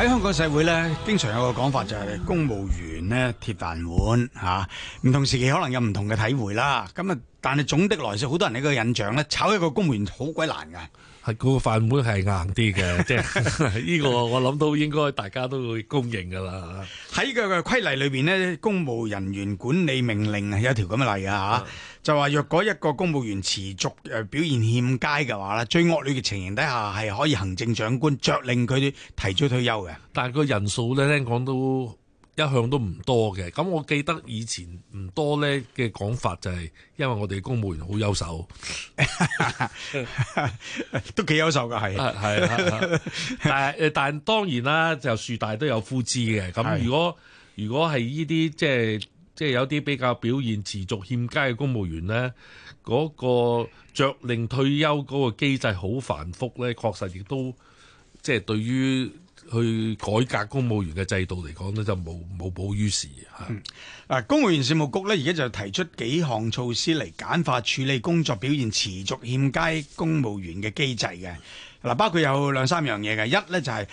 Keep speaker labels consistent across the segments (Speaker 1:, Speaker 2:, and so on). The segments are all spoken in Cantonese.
Speaker 1: 喺香港社會咧，經常有個講法就係公務員咧，鐵飯碗嚇，唔同時期可能有唔同嘅體會啦。咁啊，但係總的來說，好多人呢個印象咧，炒一個公務
Speaker 2: 員好鬼難㗎。係個飯碗係硬啲嘅，即
Speaker 1: 係呢個我諗都應該大家都會公認噶啦。喺佢嘅規例裏邊呢，公務人員管理命令係有條咁嘅例啊吓，就話若果一個公務員持續誒表現欠佳嘅話呢，最惡劣嘅情形底下係可以行政長官着令佢哋提出退休嘅。
Speaker 2: 但係個人數咧，聽講都。一向都唔多嘅，咁我記得以前唔多呢嘅講法就係，因為我哋公務員好優秀， 都幾優秀噶，係 但係但當然啦，就樹大都有枯枝嘅。咁如果如果係呢啲即係即係有啲比較表現持續欠佳嘅公務員呢，嗰、嗰個着令退休嗰個機制好繁複呢，確實亦都即係、就是、對於。去改革公務員嘅制度嚟講呢就冇無，無補於事嚇。嗱、嗯，公務員事務
Speaker 1: 局呢而家就提出幾項措施嚟簡化處理工作表現持續欠佳公務員嘅機制嘅嗱，包括有兩三樣嘢嘅。一呢就係、是、誒、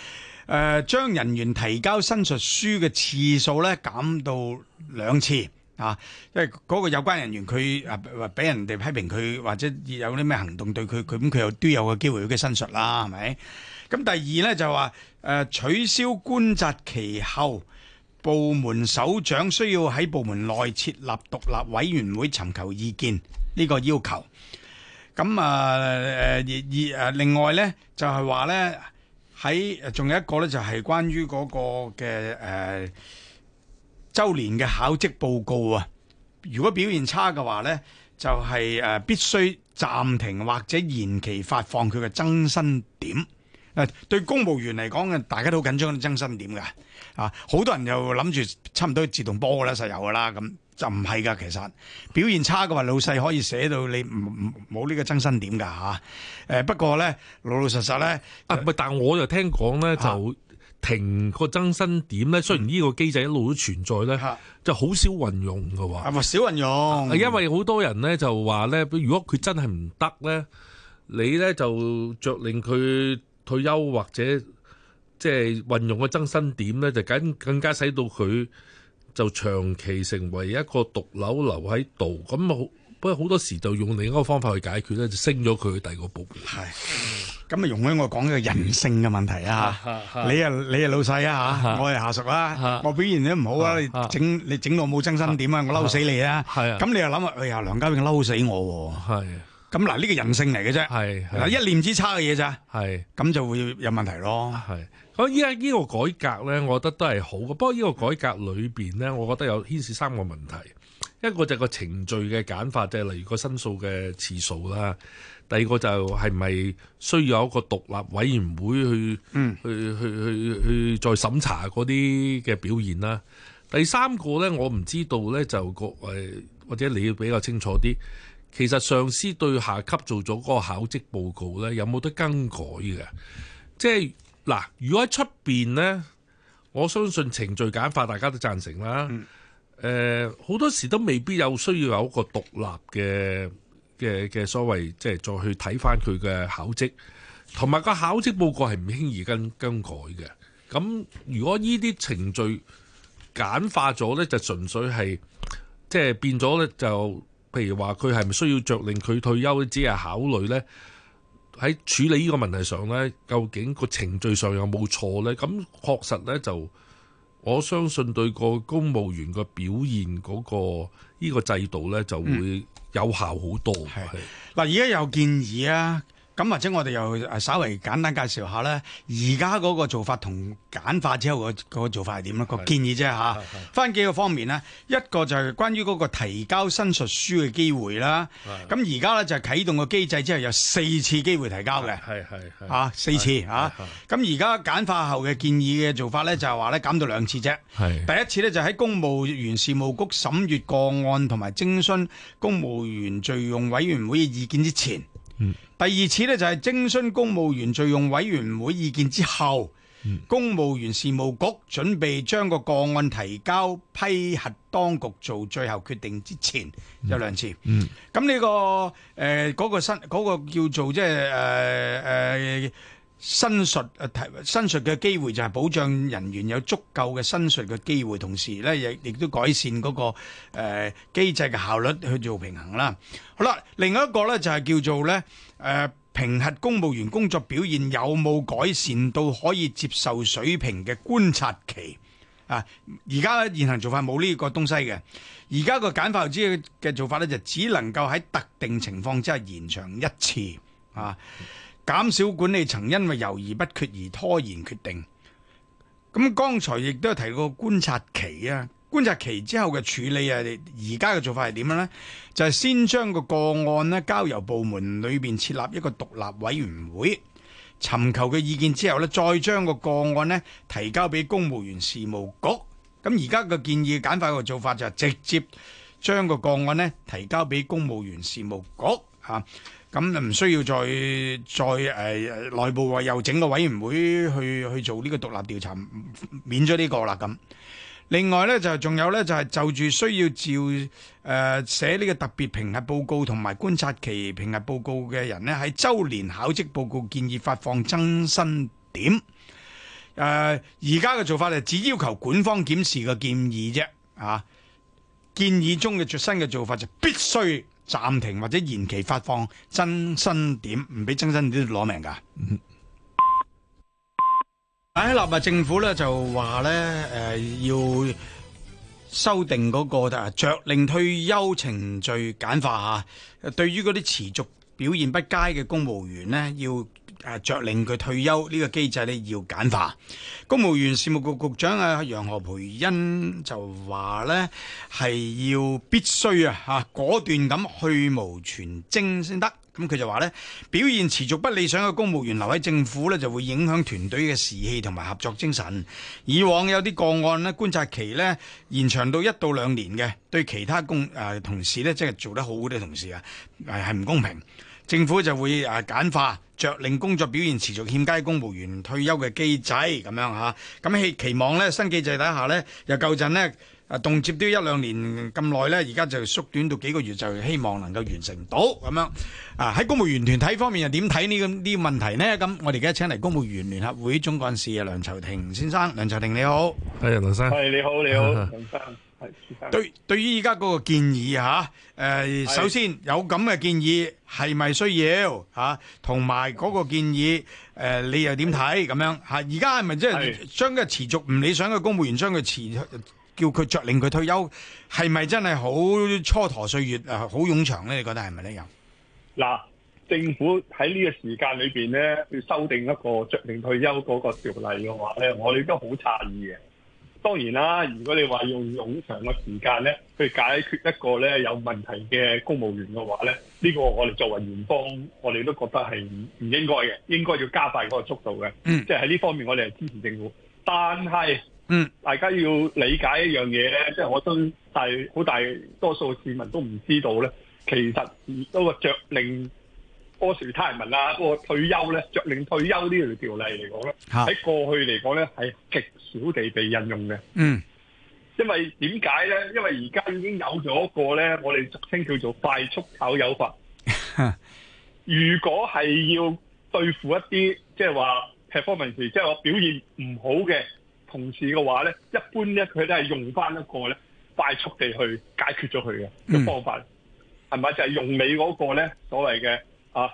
Speaker 1: 呃、將人員提交申述書嘅次數呢減到兩次啊，因為嗰個有關人員佢誒俾人哋批評佢，或者有啲咩行動對佢，佢咁佢又都有個機會去申述啦，係咪？咁第二呢就話。誒，取消觀察期後，部門首長需要喺部門內設立獨立委員會尋求意見呢、這個要求。咁啊誒，而誒，另外呢，就係、是、話呢，喺仲有一個呢，就係關於嗰個嘅誒周年嘅考績報告啊。如果表現差嘅話呢，就係、是、誒必須暫停或者延期發放佢嘅增薪點。對公務員嚟講大家都好緊張增薪點嘅，啊，好多人又諗住差唔多自動波啦，實有噶啦，咁就唔係噶，其實表現差嘅話，老細可以寫到你唔唔冇呢個增薪點噶吓。誒、
Speaker 2: 啊，不過咧，老老實實咧、啊，但我就聽講咧，就停個增薪點咧、啊，雖然呢個機制一路都存在咧、啊，就好少運用噶。係
Speaker 1: 咪少運用、
Speaker 2: 啊？因為好多人咧就話咧，如果佢真係唔得咧，你咧就着令佢。退休或者即係運用個增薪點咧，就緊更，更加使到佢就長期成為一個毒瘤留喺度。咁好，不過好多時就用另一個方法去解決咧，就升咗佢第二個部額。咁啊容許我講一個人性嘅問題啊。嗯、你，你
Speaker 1: 老啊你啊老細啊我係下屬啦、啊啊。我表現得唔好啊，整、啊、你整到冇增薪點啊，我嬲死你啊！啊，咁你又諗啊？想哎呀，梁家永嬲死我喎、啊！咁嗱，呢個人性嚟嘅啫，嗱
Speaker 2: 一念之差嘅嘢咋，咁就會有問題咯。所以依家呢個改革咧，我覺得都係好嘅。不過呢個改革裏面咧，我覺得有牽涉三個問題。一個就係個程序嘅簡化，即係例如個申訴嘅次數啦。第二個就係咪需要有一個獨立委員會去，嗯、去去去去再審查嗰啲嘅表現啦。第三個咧，我唔知道咧，就各位，或者你要比較清楚啲。其實上司對下級做咗嗰個考績報告呢，有冇得更改嘅？即係嗱，如果喺出邊呢，我相信程序簡化大家都贊成啦。誒，嗯，呃，好多時都未必有需要有一個獨立嘅嘅嘅所謂，即係再去睇翻佢嘅考績，同埋個考績報告係唔輕易更更改嘅。咁如果呢啲程序簡化咗呢，就純粹係即係變咗呢，就。譬如話佢係咪需要着令佢退休，只係考慮呢。喺處理呢個問題上呢，究竟個程序上有冇錯呢？咁確實呢，就，我相信對個公務員個表現嗰個呢個制度呢，就會有效好多。嗱、嗯，係，而家有建議啊。
Speaker 1: 咁或者我哋又稍微簡單介紹下呢，而家嗰個做法同簡化之後嗰個做法係點呢？個建議啫吓，翻幾個方面呢，一個就係關於嗰個提交申述書嘅機會啦。咁而家呢，就係啟動個機制之後有四次機會提交嘅。係係係係，四次咁而家簡化後嘅建議嘅做法呢，就係話呢，減到兩次啫。係係，第一次呢，就喺公務員事務局審閱個案同埋徵詢公務員敘用委員會嘅意見之前。嗯、第二次呢就，係徵詢公務員敘用委員會意見之後，嗯，公務員事務局準備將個個案提交批核當局做最後決定之前，有兩次。咁、嗯、呢、嗯，這個誒嗰，呃，嗰個新嗰，嗰個叫做即係誒誒。呃呃申述誒提申述嘅機會就係保障人員有足夠嘅申述嘅機會，同時咧亦亦都改善嗰、那個誒機、呃、制嘅效率去做平衡啦。好啦，另外一個咧就係、是、叫做咧誒評核公務員工作表現有冇改善到可以接受水平嘅觀察期啊。而家現行做法冇呢個東西嘅，而家個簡化之嘅做法咧就是、只能夠喺特定情況之下延長一次啊。減少管理層因為猶豫不決而拖延決定。咁剛才亦都提過觀察期啊，觀察期之後嘅處理啊，而家嘅做法係點樣呢？就係、是、先將個個案呢交由部門裏邊設立一個獨立委員會，尋求嘅意見之後呢，再將個個案呢提交俾公務員事務局。咁而家嘅建議簡化嘅做法就係直接將個個案呢提交俾公務員事務局。咁就唔需要再再、誒，內、呃、部話又整個委員會去去做呢個獨立調查，免咗呢個啦。咁另外咧就仲有咧就係就住需要照誒寫呢個特別評核報告同埋觀察期評核報告嘅人咧，喺周年考績報告建議發放增薪點。誒、呃，而家嘅做法就只要求管方檢視嘅建議啫，啊，建議中嘅最新嘅做法就必須。暫停或者延期發放增薪點，唔俾增薪點攞命㗎。喺 立馬政府咧就話咧，誒，要修訂嗰個誒着令退休程序簡化吓，對於嗰啲持續表現不佳嘅公務員呢。要。誒，着令佢退休呢、這個機制呢，要簡化。公務員事務局局長啊楊何蓓茵就話呢，係要必須啊吓果斷咁去蕪存菁先得。咁佢就話呢，表現持續不理想嘅公務員留喺政府呢，就會影響團隊嘅士氣同埋合作精神。以往有啲個案呢，觀察期呢，延長到一到兩年嘅，對其他公誒同事呢，即係做得好嗰啲同事啊，係唔公平。政府就會誒簡化着令工作表現持續欠佳公務員退休嘅機制咁樣嚇，咁期期望咧新機制底下咧，又舊陣咧動接啲一兩年咁耐咧，而家就縮短到幾個月就希望能夠完成到咁樣啊。喺公務員團體方面又點睇呢咁啲問題咧？咁我哋而家請嚟公務員聯合會總幹事啊梁籌庭先生，梁籌庭你好，係，梁生，係你好，你好，梁生。對對於依家嗰個建議吓，誒，首先有咁嘅建議係咪需要吓？同埋嗰個建議誒，你又點睇咁樣吓？而家係咪即係將個持續唔理想嘅公務員將佢辭，叫佢着令佢退休，係咪真係好蹉跎歲月啊？好冗長咧？你覺得係咪呢樣？
Speaker 3: 嗱，政府喺呢個時間裏邊咧去修訂一個着令退休嗰個條例嘅話咧，我哋都好詫異嘅。當然啦，如果你話用用好長嘅時間咧，去解決一個咧有問題嘅公務員嘅話咧，呢個我哋作為員方，我哋都覺得係唔唔應該嘅，應該要加快嗰個速度嘅。嗯，即係喺呢方面，我哋係支持政府。但係，嗯，大家要理解一樣嘢咧，即係我但大好大多數市民都唔知道咧，其實都話著令。波時，泰文啊，那個、退休咧，着令退休呢條條例嚟講咧，喺過去嚟講咧，係極少地被應用嘅。嗯，因為點解咧？因為而家已經有咗一個咧，我哋俗稱叫做快速炒魷法。如果係要對付一啲即係話 performance，即係我表現唔好嘅同事嘅話咧，一般咧佢都係用翻一個咧快速地去解決咗佢嘅嘅方法，係、嗯、咪就係、是、用你嗰個咧所謂嘅？啊！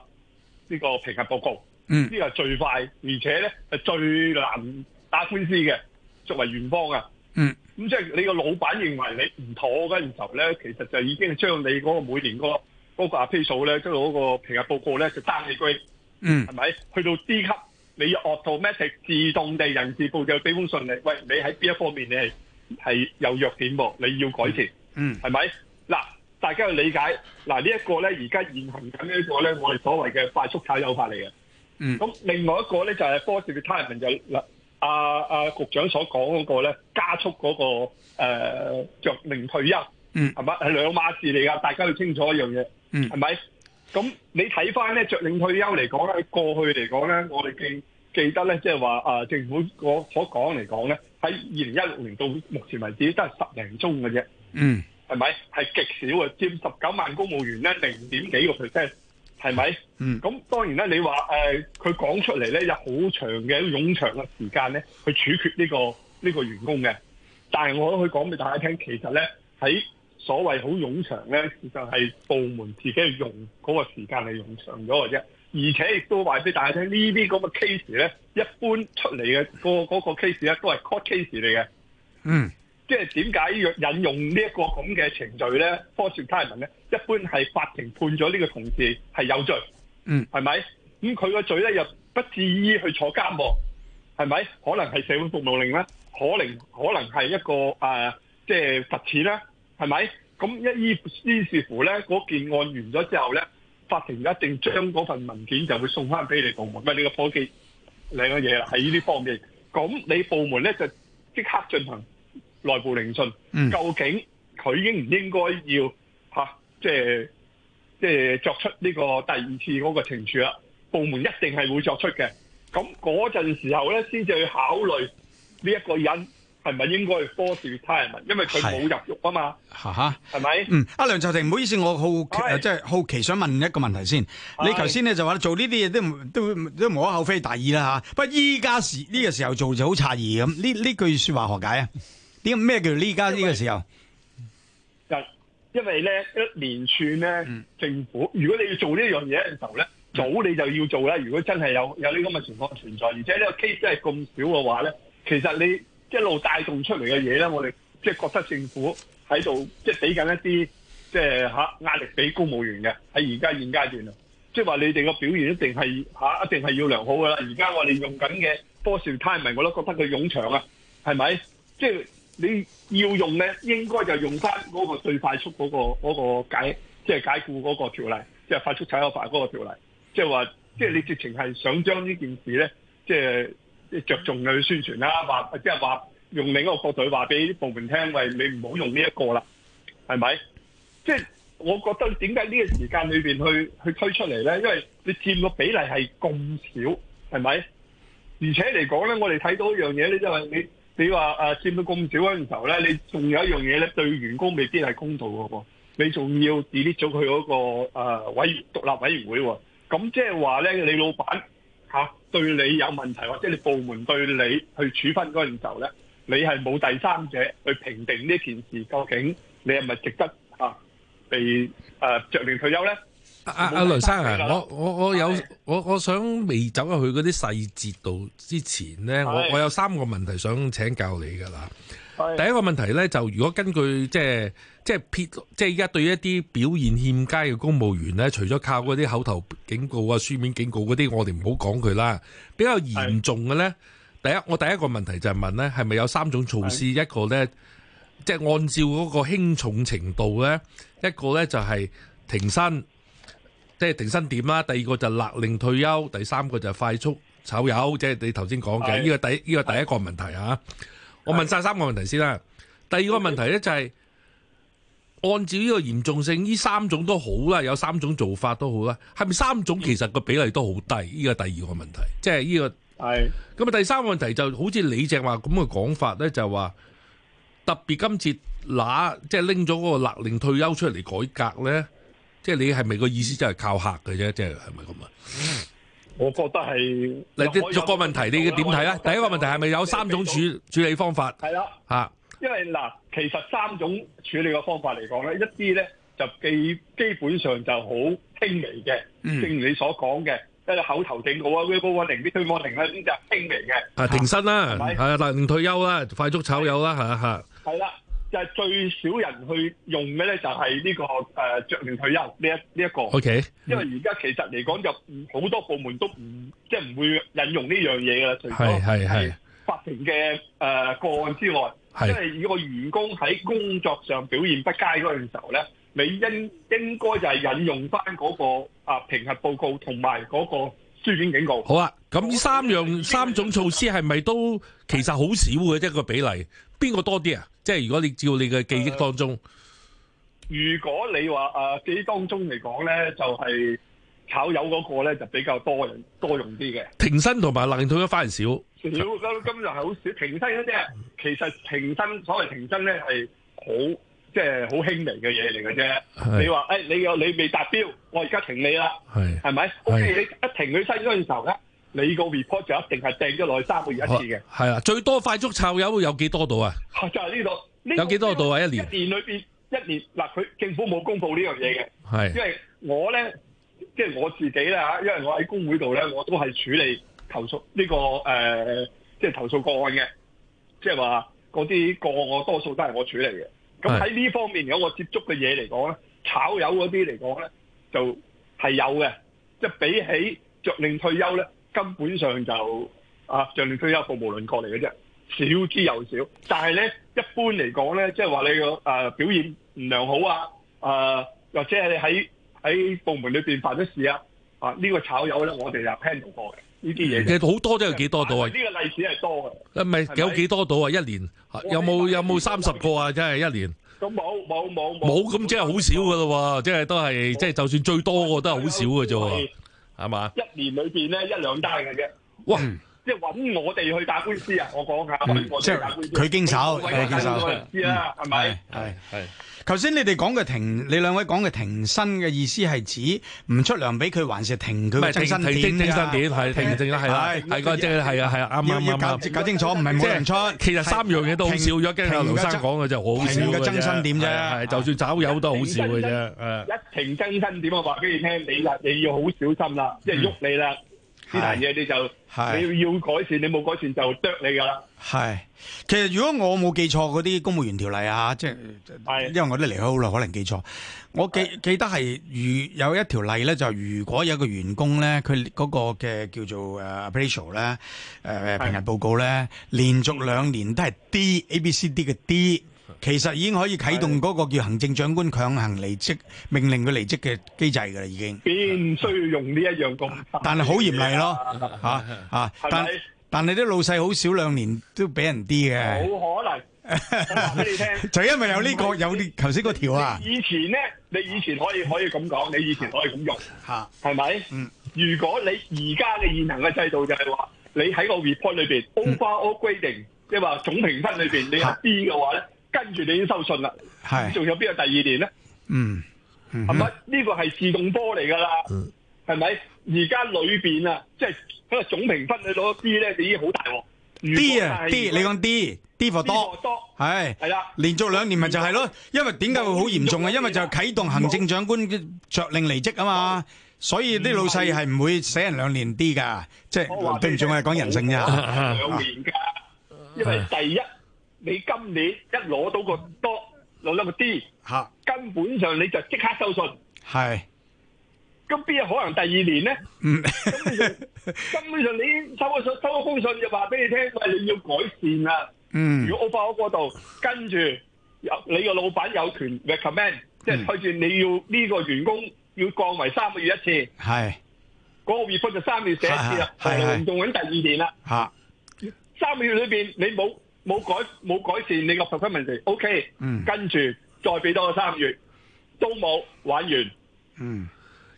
Speaker 3: 呢、這個評核報告，呢、嗯這個最快，而且咧係最難打官司嘅，作為原方啊。嗯。咁即係你個老闆認為你唔妥，跟住候咧，其實就已經係將你嗰個每年的、那個嗰個 A 數咧，將嗰個評核報告咧就單你居。嗯。係咪？去到 D 級，你 automatic 自動地人事部就俾封信你，喂，你喺邊一方面你係係有弱點喎，你要改善。嗯。係、嗯、咪？嗱。大家去理解嗱，這個、呢一個咧，而家現行緊呢一個咧，我哋所謂嘅快速炒魷法嚟嘅。嗯，咁另外一個咧就係 forced retirement 就嗱，阿、啊、阿、啊、局長所講嗰個咧，加速嗰、那個、呃、着著令退休。嗯，係咪？係兩碼事嚟㗎，大家要清楚一樣嘢。嗯，係咪？咁你睇翻咧着令退休嚟講咧，過去嚟講咧，我哋記記得咧，即係話啊政府我所講嚟講咧，喺二零一六年到目前為止，都係十零宗嘅啫。嗯。係咪？係極少啊！佔十九萬公務員咧零點幾個 percent，係咪？嗯。咁當然咧，你話誒，佢、呃、講出嚟咧有好長嘅冗長嘅時間咧，去處決呢、呢個呢、呢個員工嘅。但係我都可以講俾大家聽，其實咧喺所謂好冗長咧，其實係部門自己去用嗰個時間係用長咗嘅啫。而且亦都話俾大家聽，呢啲嗰呢啲咁嘅 case 咧，一般出嚟嘅、嗰個嗰、嗰個 case 咧，都係 court case 嚟嘅。嗯。即係點解要引用呢一個咁嘅程序咧 Forced time 咧，一般係法庭判咗呢個同事係有罪，mm. 是嗯，係咪？咁佢個罪咧又不至於去坐監喎，係咪？可能係社會服務令咧，可能可能係一個誒，即係罰錢咧，係咪？咁一依於是乎咧，嗰件案完咗之後咧，法庭一定將嗰份文件就會送翻俾你部門，唔係你個科技，你個嘢啦。喺呢啲方面，咁你部門咧就即刻進行內部聆訊，嗯、究竟佢應唔應該要嚇、啊，即係即係作出呢個第二次嗰個懲處部門一定係會作出嘅。咁嗰陣時候咧，先至去考慮呢一個人係咪應該去 force retirement，因為佢冇入獄啊嘛。嚇嚇，係咪？
Speaker 1: 嗯，阿梁籌庭，唔好意思，我好即係、呃、好奇，想問一個問題先。你頭先咧就話做呢啲嘢都都都無可厚非大意啦嚇。不過依家時呢個時候做就好詫異咁。呢呢句説話，何解啊？啲咩叫呢？家呢個時候，
Speaker 4: 就因
Speaker 3: 為咧，一連串咧、嗯，政府如果你要做呢樣嘢嘅時候咧，早你就要做啦。如果真係有有呢咁嘅情況存在，而且呢個 case 真係咁少嘅話咧，其實你一路帶動出嚟嘅嘢咧，我哋即係覺得政府喺度即係俾緊一啲即係吓壓力俾公務員嘅，喺而家現階段啊，即係話你哋嘅表現一定係吓、啊、一定係要良好噶啦。而家我哋用緊嘅多時 timing，我都覺得佢勇長啊，係咪？即係。你要用咧，應該就用翻嗰個最快速嗰、那個嗰、那個、解，即、就、係、是、解僱嗰個條例，即係快速踩樓法嗰個條例。即係話，即、就、係、是、你直情係想將呢件事咧，即係即着重去宣傳啦，話即係話用另一個角度話俾部門聽，喂，你唔好用呢一個啦，係咪？即、就、係、是、我覺得點解呢個時間裏面去去推出嚟咧？因為你佔個比例係咁少，係咪？而且嚟講咧，我哋睇到一樣嘢咧，就係你。你話誒佔到咁少嗰陣時候咧，你仲有一樣嘢咧，對員工未必係公道嘅喎，你仲要 delete 咗佢嗰個誒委員獨立委員會喎，咁即係話咧，你老闆吓對你有問題，或者你部門對你去處分嗰陣時候咧，你係冇第三者去評定呢件事究竟你係咪值得被誒着令退休咧？
Speaker 2: 阿阿梁生啊，啊生我我我有我我想未走入去嗰啲細節度之前咧，我我有三個問題想請教你噶啦。第一個問題咧，就如果根據即係即係撇即係依家對一啲表現欠佳嘅公務員咧，除咗靠嗰啲口頭警告啊、書面警告嗰啲，我哋唔好講佢啦。比較嚴重嘅咧，第一我第一個問題就係問咧，係咪有三種措施？一個咧，即係按照嗰個輕重程度咧，一個咧就係停薪。即係停薪點啦，第二個就勒令退休，第三個就快速炒友，即係你頭先講嘅。呢個第呢個第一個問題啊，我問晒三個問題先啦。第二個問題咧就係按照呢個嚴重性，呢三種都好啦，有三種做法都好啦。係咪三種其實個比例都好低？呢個第二個問題，即係呢個係。咁啊，第三個問題就好似李靜話咁嘅講法咧，就話特別今次嗱，即係拎咗嗰個勒令退休出嚟改革咧。即係你係咪個意思就係靠客嘅啫？即係係咪咁啊？
Speaker 3: 我覺得係
Speaker 2: 嗱，逐個問題你點睇咧？第一個問題係咪有三種處處理方法？係啦，吓，
Speaker 3: 因為嗱，其實三種處理嘅方法嚟講咧，一啲咧就基基本上就好輕微嘅、嗯，正如你所講嘅，即係口頭警告啊，咩補我停啲退我停對呢啲就輕微
Speaker 2: 嘅。停薪啦，誒，但係退休啦，快速炒友啦，吓吓。
Speaker 3: 係啦。就係、是、最少人去用嘅咧、這個，就係呢個誒著令退休呢一呢一個。O、okay. K，因為而家其實嚟講就好多部門都唔即係唔會引用呢樣嘢嘅啦，除咗係法庭嘅誒個案之外，呃、是是是因為如果員工喺工作上表現不佳嗰陣時候咧，是是你應應該就係引用翻、那、嗰個啊、呃、評核報告同埋嗰個
Speaker 2: 書面警告。好啊，咁三樣三種措施係咪都其實好少嘅一個比例，邊個多啲啊？即係如果你照你嘅記憶當中，
Speaker 3: 呃、如果你話誒記憶當中嚟講咧，就係、是、炒魷嗰個咧就比較多人多用啲嘅。
Speaker 2: 停薪同埋着令退休反而少少，
Speaker 3: 根今日係好少停薪嘅啫。其實停薪所謂停薪咧係好即係好輕微嘅嘢嚟嘅啫。你話誒、欸、你有你未達標，我而家停你啦，係咪？OK，你一停佢薪嗰陣時候咧。你個 report 就一定係掟咗落去三個月一次嘅，
Speaker 2: 係、啊、啦、啊，最多快速炒魷有幾多度啊？
Speaker 3: 啊就係呢度，有幾多度啊？一年裡面一年裏邊一年嗱，佢、啊、政府冇公佈呢樣嘢嘅，係，因為我咧即係我自己啦嚇，因為我喺工會度咧，我都係處理投訴呢、這個誒，即、呃、係、就是、投訴個案嘅，即係話嗰啲個案我多數都係我處理嘅。咁喺呢方面如果我接觸嘅嘢嚟講咧，炒魷嗰啲嚟講咧，就係、是、有嘅，即、就、係、是、比起著令退休咧。根本上就啊，上年退休部無論過嚟嘅啫，少之又少。但係咧，一般嚟講咧，即係話你個誒、呃、表現唔良好啊，誒、呃、或者係你喺喺部門裏面犯咗事啊，啊呢、呢個炒友咧，我哋就聽到過嘅呢啲嘢。其實好多都有幾多到啊？呢個例子係多嘅，唔係有幾多
Speaker 2: 到啊？一年有冇有冇三十個啊？真係一年？咁冇冇冇冇咁即係好少㗎喇喎！即係都係即係就算最多嘅都係好少㗎啫喎。係嘛？
Speaker 3: 一年裏邊咧，一兩單嘅啫，哇！即係揾我
Speaker 4: 哋去打官司啊！我講下，嗯、即係佢經手，佢經手。知啦，係咪？係
Speaker 1: 係。頭先你哋講嘅停，你兩位講嘅停薪嘅意思係指唔出糧俾佢，還是停佢個增薪點啊？x2 停停停係係即係係啊係啊，啱啱、嗯嗯、搞,搞清楚，唔係冇人出。其實三樣嘢都好少，咗。如果今日
Speaker 2: 劉生講嘅就好少嘅。啫？就算走友都好少嘅啫。一停增薪點，我話俾你聽，你啦，你要好小心
Speaker 3: 啦，即係喐你啦。呢樣嘢你就，係，你要
Speaker 4: 改善，你冇改
Speaker 1: 善就啄你㗎喇。係，其實如果我冇記錯嗰啲公務員條例啊，即係因為我都離開好耐，可能記錯。我記記得係如有一條例咧，就如果有一個員工咧，佢嗰個嘅叫做誒 appraisal 咧、呃，誒平日報告咧，連續兩年都係 D A B C D 嘅 D。其實已經可以啟動嗰個叫行政長官強行離職命令佢離職嘅機制㗎喇，已經。
Speaker 3: 邊需要用呢一樣咁？但係好嚴厲咯，吓吓。但
Speaker 1: 但係啲老細好少兩年都俾人啲嘅。
Speaker 3: 冇可能。俾你聽。就因為有呢個有啲頭先嗰條啊。以前咧，你以前可以可以咁講，你以前可以咁用，吓係咪？嗯。如果你而家嘅現行嘅制度就係話，你喺個 report 裏邊 overall grading，即係話總評分裏邊你係 B 嘅話咧。跟住你已經收信啦，係仲有邊個第二年咧？嗯，係咪呢個係自動波嚟㗎啦？係咪而家裏邊啊？即係嗰個總評分你攞 B 咧，你已經好大喎。D 啊 D，D 你講 D，D
Speaker 1: 或多係係啦，連續兩年咪就係咯。因為點解會好嚴重啊？因為就啟動行政長官嘅着令離職啊嘛，所以啲老細係唔會死人兩年 D 㗎，即係對唔住我係講人性呀。兩
Speaker 3: 年㗎的， 因為第一。 你今年一攞到個多攞粒個啲，吓根本上你就即刻收信。係咁邊有可能第二年咧？就是、бывает, 嗯，根本上你收個收收一封信就話俾你聽，喂，你要改善啦。嗯，如果我發我嗰度跟住有你個老闆有權 recommend，即係推薦你要呢個員工要降為三個月一次。係嗰、那個 report 就三個月寫一次啦，仲緊第二年啦。吓三個月裏邊你冇。冇改冇改善你個 performance，OK，跟住再俾多個三個月，都冇玩完。嗯，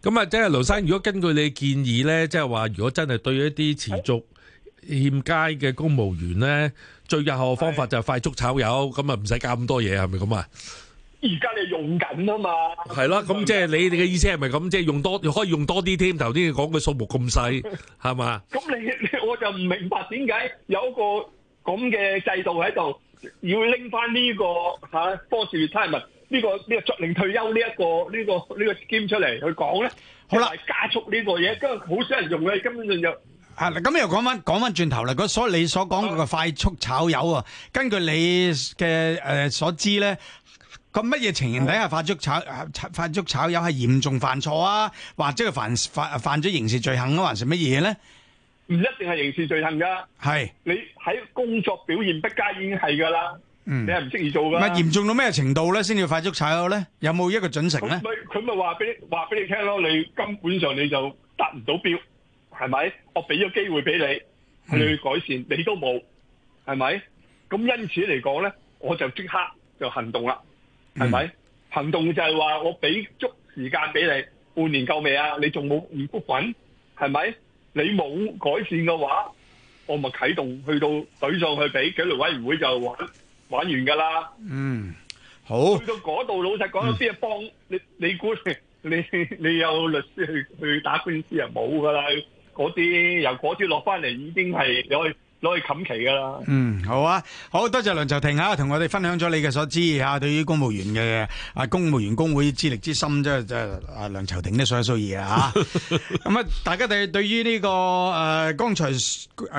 Speaker 2: 咁啊，即係劉生，如果根據你嘅建議咧，即係話，如果真係對一啲持續欠佳嘅公務員咧，最有效嘅方法就係快速炒魷，咁啊，唔使搞咁多嘢，係咪咁啊？
Speaker 3: 而家你用緊啊嘛？
Speaker 2: 係咯，咁即係你你嘅意思係咪咁？即係用多可以用多啲添？頭先講嘅數目咁細，係嘛？
Speaker 3: 咁你我就唔明白點解有個。咁嘅制度喺度，要拎翻、這個啊、呢個嚇，four e 年物呢個呢個着令退休呢一個呢個呢個個 scheme 出嚟去講咧。好啦，加速呢個嘢，因為好少人用
Speaker 1: 嘅，根本就啊，咁又講翻講翻轉頭啦。嗰所以你所講個快速炒魷啊，根據你嘅誒、呃、所知咧，咁乜嘢情形底下快速炒啊快速炒魷係嚴重犯錯啊，或者係犯犯犯咗刑事罪行啊，還是乜嘢
Speaker 3: 咧？唔一定係刑事罪行噶，係你喺工作表現不佳已經係噶啦，你係唔適宜做噶。咪嚴
Speaker 1: 重到咩程度咧？先至要快速踩咯咧？有冇一個準
Speaker 4: 繩咧？咪
Speaker 3: 佢咪話俾你話俾你聽咯，你根本上你就達唔到標，係咪？我俾咗機會俾你去改善，你都冇，係咪？咁因此嚟講咧，我就即刻就行動啦，係咪？行動就係話我俾足時間俾你，半年夠未啊？你仲冇唔谷滾，係咪？你冇改善嘅話，我咪啟動去到水上去俾紀律委員會就玩玩完㗎啦。嗯，
Speaker 4: 好。去
Speaker 3: 到嗰度老實講，有啲嘢幫你，你估你你有律師去去打官司啊冇㗎啦。嗰啲由嗰啲落翻嚟已經係你可以。可以冚
Speaker 1: 期噶啦。嗯，好啊，好多謝梁籌庭啊，同我哋分享咗你嘅所知啊，對於公務員嘅啊，公務員工會之力之心、啊，即係啊，梁籌庭都所須意啊咁。 啊，大家哋對於呢、這個誒，剛、啊、才、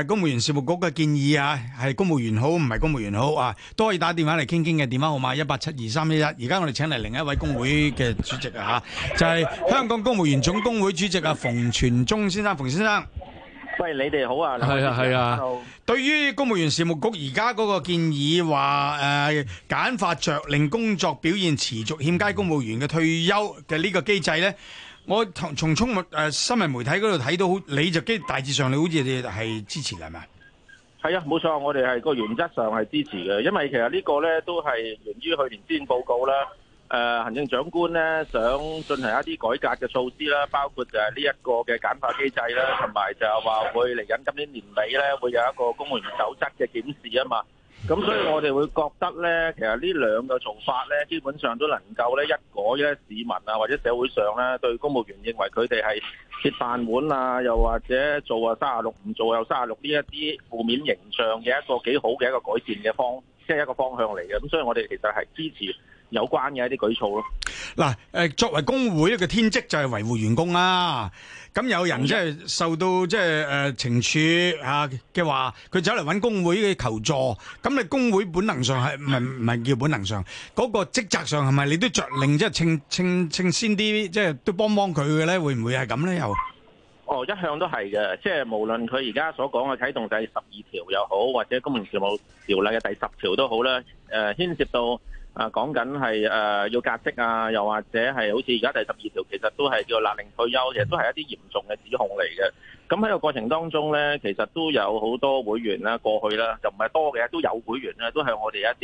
Speaker 1: 啊、公務員事務局嘅建議啊，係公務員好，唔係公務員好啊，都可以打電話嚟傾傾嘅電話號碼一八七二三一一。而家我哋請嚟另一位工會嘅主席啊，就係、是、香港公務員總工會主席啊，馮傳宗先生，馮先生。
Speaker 5: 喂，你哋好啊！係啊，係啊。好，
Speaker 1: 對於公務員事務局而家嗰個建議話誒簡化着令工作表現持續欠佳公務員嘅退休嘅呢個機制咧，我從從《聰物》誒新聞媒體嗰度睇到，你就基大致上你好似係支持係咪？
Speaker 5: 係啊，冇錯，我哋係個原則上係支持嘅，因為其實呢個咧都係源於去年施政報告啦。誒、呃、行政長官咧想進行一啲改革嘅措施啦，包括就係呢一個嘅簡化機制啦，同埋就係話會嚟緊今年年底咧會有一個公務員守則嘅檢視啊嘛。咁所以我哋會覺得咧，其實呢兩個做法咧，基本上都能夠咧一改咧市民啊或者社會上咧對公務員認為佢哋係鐵飯碗啊，又或者做啊卅六唔做又卅六呢一啲負面形象嘅一個幾好嘅一個改善嘅方，即係一個方向嚟嘅。咁所以我哋其實係支持。有關嘅一啲舉措咯，
Speaker 1: 嗱，誒，作為工會嘅天職就係維護員工啦。咁有人即係受到即係誒懲處啊嘅話，佢走嚟揾工會嘅求助，咁你工會本能上係唔係唔係叫本能上？嗰個職責上係咪你都着令即係稱稱稱先啲，即係都幫幫佢嘅咧？會唔會係咁咧？又，
Speaker 5: 哦，一向都係嘅，即係無論佢而家所講嘅啟動第十二條又好，或者《公務員條例》嘅第十條都好啦，誒，牽涉到。啊，講緊係誒要革職啊，又或者係好似而家第十二條，其實都係叫勒令退休，其實都係一啲嚴重嘅指控嚟嘅。咁喺個過程當中呢，其實都有好多會員啦，過去啦，就唔係多嘅，都有會員啊，都係我哋一啲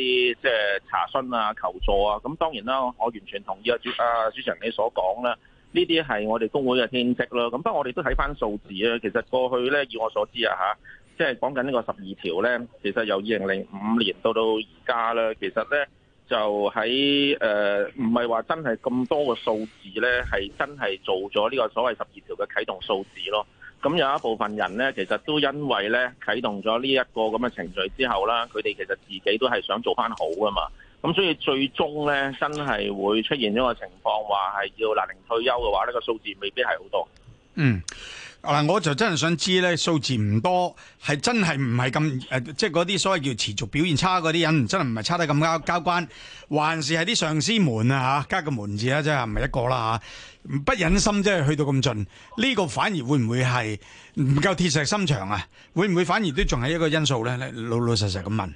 Speaker 5: 即係查詢啊、求助啊。咁當然啦，我完全同意啊，主啊，主持人你所講啦，呢啲係我哋工會嘅天職啦。咁不過我哋都睇翻數字啊，其實過去呢，以我所知啊吓，即係講緊呢個十二條呢，其實由二零零五年到到而家啦，其實呢。就喺誒，唔係話真係咁多個數字咧，係真係做咗呢個所謂十二條嘅啟動數字咯。咁有一部分人咧，其實都因為咧啟動咗呢一個咁嘅程序之後啦，佢哋其實自己都係想做翻好啊嘛。咁所以最終咧，真係會出現呢個情況話，係要勒令退休嘅話，呢個數字未必係好多。嗯。
Speaker 1: 嗱，我就真係想知咧，數字唔多，係真係唔係咁誒，即係嗰啲所謂叫持續表現差嗰啲人，真係唔係差得咁交交關，還是係啲上司門啊嚇，加個門字啦、啊，真係唔係一個啦嚇，不忍心即係去到咁盡，呢、這個反而會唔會係唔夠鐵石心腸啊？會唔會反而都仲係一個因素咧？老老實實咁問。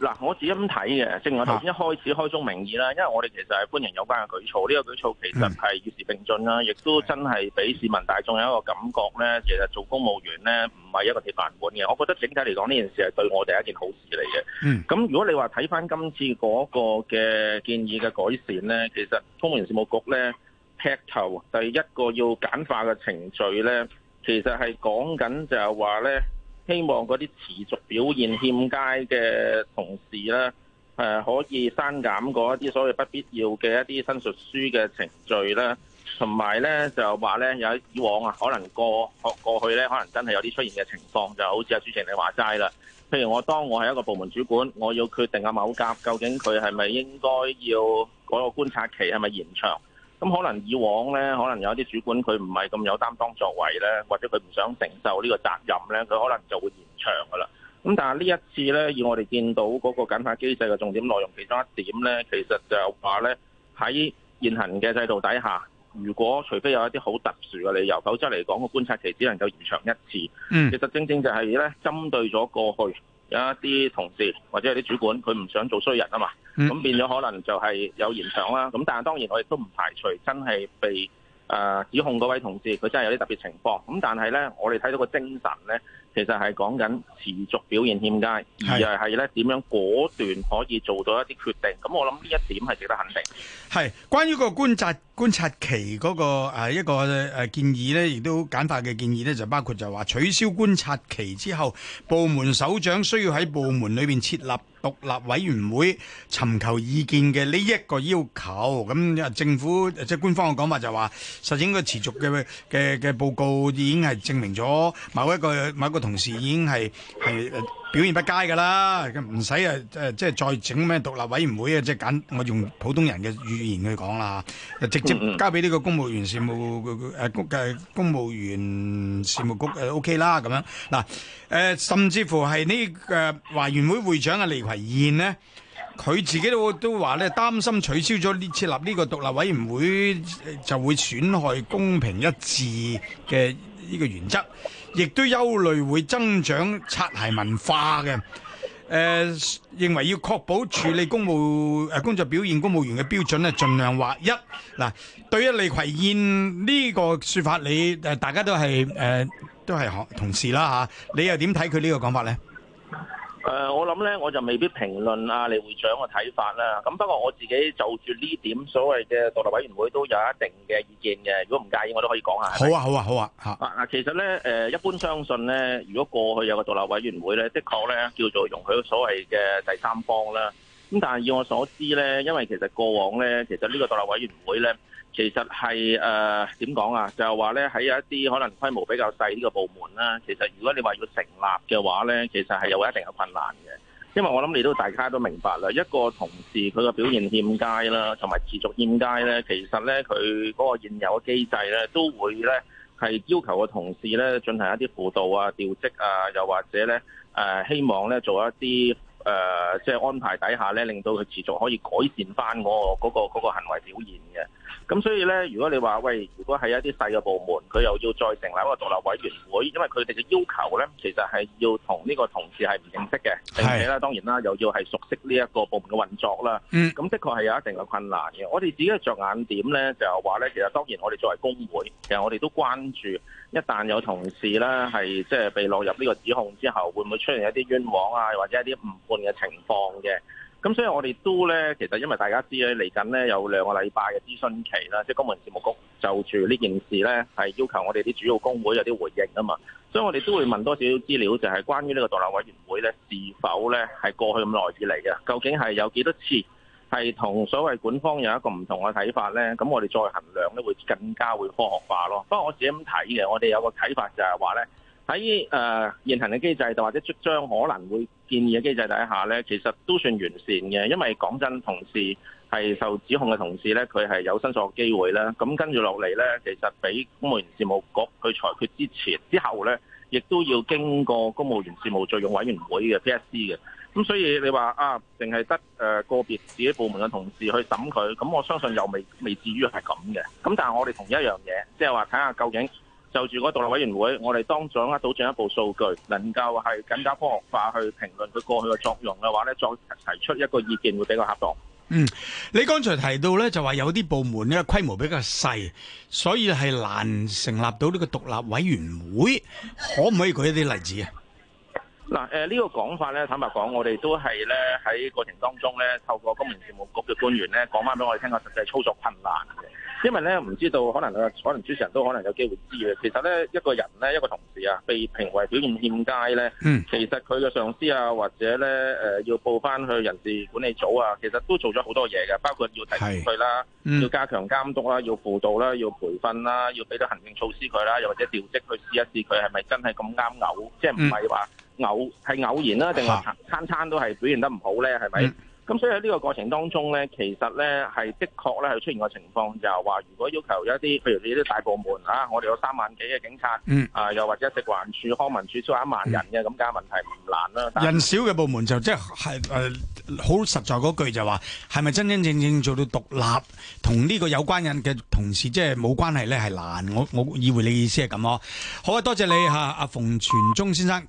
Speaker 5: 嗱、啊，我自己咁睇嘅，正如我頭先一開始開宗明義啦、啊，因為我哋其實係歡迎有關嘅舉措，呢、這個舉措其實係與時並進啦，亦、嗯、都真係俾市民大眾有一個感覺咧，其實做公務員咧唔係一個鐵飯碗嘅。我覺得整體嚟講，呢件事係對我哋係一件好事嚟嘅。咁、嗯、如果你話睇翻今次嗰個嘅建議嘅改善咧，其實公務員事務局咧劈頭第一個要簡化嘅程序咧，其實係講緊就係話咧。希望嗰啲持續表現欠佳嘅同事咧，誒可以刪減過一啲所謂不必要嘅一啲申述書嘅程序啦。同埋咧就話咧有以往啊，可能過過去咧，可能真係有啲出現嘅情況，就好似阿主席你話齋啦。譬如我當我係一個部門主管，我要決定啊某甲究竟佢係咪應該要嗰個觀察期係咪延長？咁可能以往呢，可能有一啲主管佢唔係咁有擔當作為呢，或者佢唔想承受呢個責任呢，佢可能就會延長噶啦。咁但係呢一次呢，以我哋見到嗰個緊拍機制嘅重點內容，其中一點呢，其實就話呢，喺現行嘅制度底下，如果除非有一啲好特殊嘅理由，否則嚟講個觀察期只能夠延長一次。嗯。其實正正就係呢，針對咗過去有一啲同事或者有啲主管佢唔想做衰人啊嘛。咁、嗯、變咗可能就係有延長啦，咁但係當然我亦都唔排除真係被誒、呃、指控嗰位同事，佢真係有啲特別情況，咁但係咧我哋睇到個精神咧，其實係講緊持續表現欠佳，而係係咧點樣果斷可以做到一啲決定，咁我諗呢一點係值得肯定。
Speaker 1: 係關於個觀察。觀察期嗰個一個誒建議呢，亦都簡化嘅建議呢，就包括就話取消觀察期之後，部門首長需要喺部門裏面設立獨立委員會，尋求意見嘅呢一個要求。咁政府即係官方嘅講法就話，實踐個持續嘅嘅嘅報告已經係證明咗某一個某一個同事已經係係。表現不佳㗎啦，唔使誒即係再整咩獨立委員會啊！即係揀我用普通人嘅語言去講啦，直接交俾呢個公務員事務誒公、呃、公務員事務局、呃、OK 啦咁樣。嗱、呃、甚至乎係呢、呢個華員、呃、會會長啊李葵燕呢，佢自己都都話咧擔心取消咗呢設立呢個獨立委員會，就會損害公平一致嘅呢個原則。亦都憂慮會增長擦鞋文化嘅，誒、呃、認為要確保處理公務誒、呃、工作表現公務員嘅標準啊盡量劃一嗱、呃，對於李葵燕呢個說法，你誒、呃、大家都係誒、呃、都係同事啦吓、啊，你又點睇佢呢個講法咧？
Speaker 5: 誒、呃，我諗咧，我就未必評論啊，李會長嘅睇法啦。咁不過我自己就住呢點所謂嘅獨立委員會都有一定嘅意見嘅。如果唔介意，我都可以講下。好啊。好啊，好啊，好啊。嗱、啊，其實咧，誒、呃，一般相信咧，如果過去有個獨立委員會咧，的確咧叫做容許所謂嘅第三方啦。咁但係以我所知咧，因為其實過往咧，其實呢個獨立委員會咧。其實係誒點講啊？就係話咧喺一啲可能規模比較細呢個部門啦，其實如果你話要成立嘅話咧，其實係有一定嘅困難嘅。因為我諗你都大家都明白啦，一個同事佢嘅表現欠佳啦，同埋持續欠佳咧，其實咧佢嗰個現有嘅機制咧都會咧係要求個同事咧進行一啲輔導啊、調職啊，又或者咧、呃、希望咧做一啲。誒、呃，即係安排底下咧，令到佢持續可以改善翻嗰個嗰個嗰個行為表現嘅。咁所以咧，如果你話喂，如果係一啲細嘅部門，佢又要再成立一個獨立委員會，因為佢哋嘅要求咧，其實係要同呢個同事係唔認識嘅，並且啦，當然啦，又要係熟悉呢一個部門嘅運作啦。咁的確係有一定嘅困難嘅。我哋自己嘅着眼點咧，就係話咧，其實當然我哋作為工會，其實我哋都關注。一旦有同事咧係即係被落入呢個指控之後，會唔會出現一啲冤枉啊，或者一啲誤判嘅情況嘅？咁所以我哋都咧，其實因為大家知咧，嚟緊咧有兩個禮拜嘅諮詢期啦，即係公務員事務局就住呢件事咧係要求我哋啲主要工會有啲回應啊嘛，所以我哋都會問多少少資料，就係關於呢個獨立委員會咧是否咧係過去咁耐以嚟嘅，究竟係有幾多次？係同所謂管方有一個唔同嘅睇法呢。咁我哋再衡量呢，會更加會科學化咯。不過我自己咁睇嘅，我哋有個睇法就係話呢，喺誒、呃、現行嘅機制，或者即將可能會建議嘅機制底下呢，其實都算完善嘅。因為講真，同事係受指控嘅同事呢，佢係有申訴嘅機會啦。咁跟住落嚟呢，其實俾公務員事務局去裁決之前、之後呢，亦都要經過公務員事務敘用委員會嘅 PSC 嘅。咁所以你話啊，淨係得誒個別自己部門嘅同事去審佢，咁我相信又未未至於係咁嘅。咁但係我哋同一樣嘢，即係話睇下究竟就住個獨立委員會，我哋當掌握到進一步數據，能夠係更加科學化去評論佢過去嘅作用嘅話咧，再提出一個意見會比較恰當。嗯，
Speaker 1: 你剛才提到咧，就話有啲部門咧，規模比較細，所以係難成立到呢個獨立委員會，可唔可以舉一啲例子啊？
Speaker 5: 嗱、這、誒、個、呢個講法咧，坦白講，我哋都係咧喺過程當中咧，透過公務員事務局嘅官員咧講翻俾我哋聽下，實際操作困難嘅。因為咧唔知道，可能可能主持人都可能有機會知嘅。其實咧，一個人咧，一個同事啊，被評為表現欠佳咧、嗯，其實佢嘅上司啊，或者咧、呃、要報翻去人事管理組啊，其實都做咗好多嘢嘅，包括要提醒佢啦、嗯，要加強監督啦，要輔導啦，要培訓啦，要俾啲行政措施佢啦，又或者調職去試一試佢係咪真係咁啱嘔，即係唔係話？偶係偶然啦，定係餐餐都係表現得唔好咧？係咪？咁所以喺呢個過程當中咧，其實咧係的確咧係出現個情況，就話如果要求一啲譬如你啲大部門嚇，我哋有三萬幾嘅警察，啊，又或者食環署、康文署招一萬人嘅咁，間問題唔難啦。人
Speaker 1: 少嘅部門就即係誒好實在嗰句話就話、是，係咪真真正，正正做到獨立同呢個有關人嘅同事即係冇關係咧？係難。我我以為你的意思係咁咯。好啊，多謝你嚇，阿馮傳宗先生。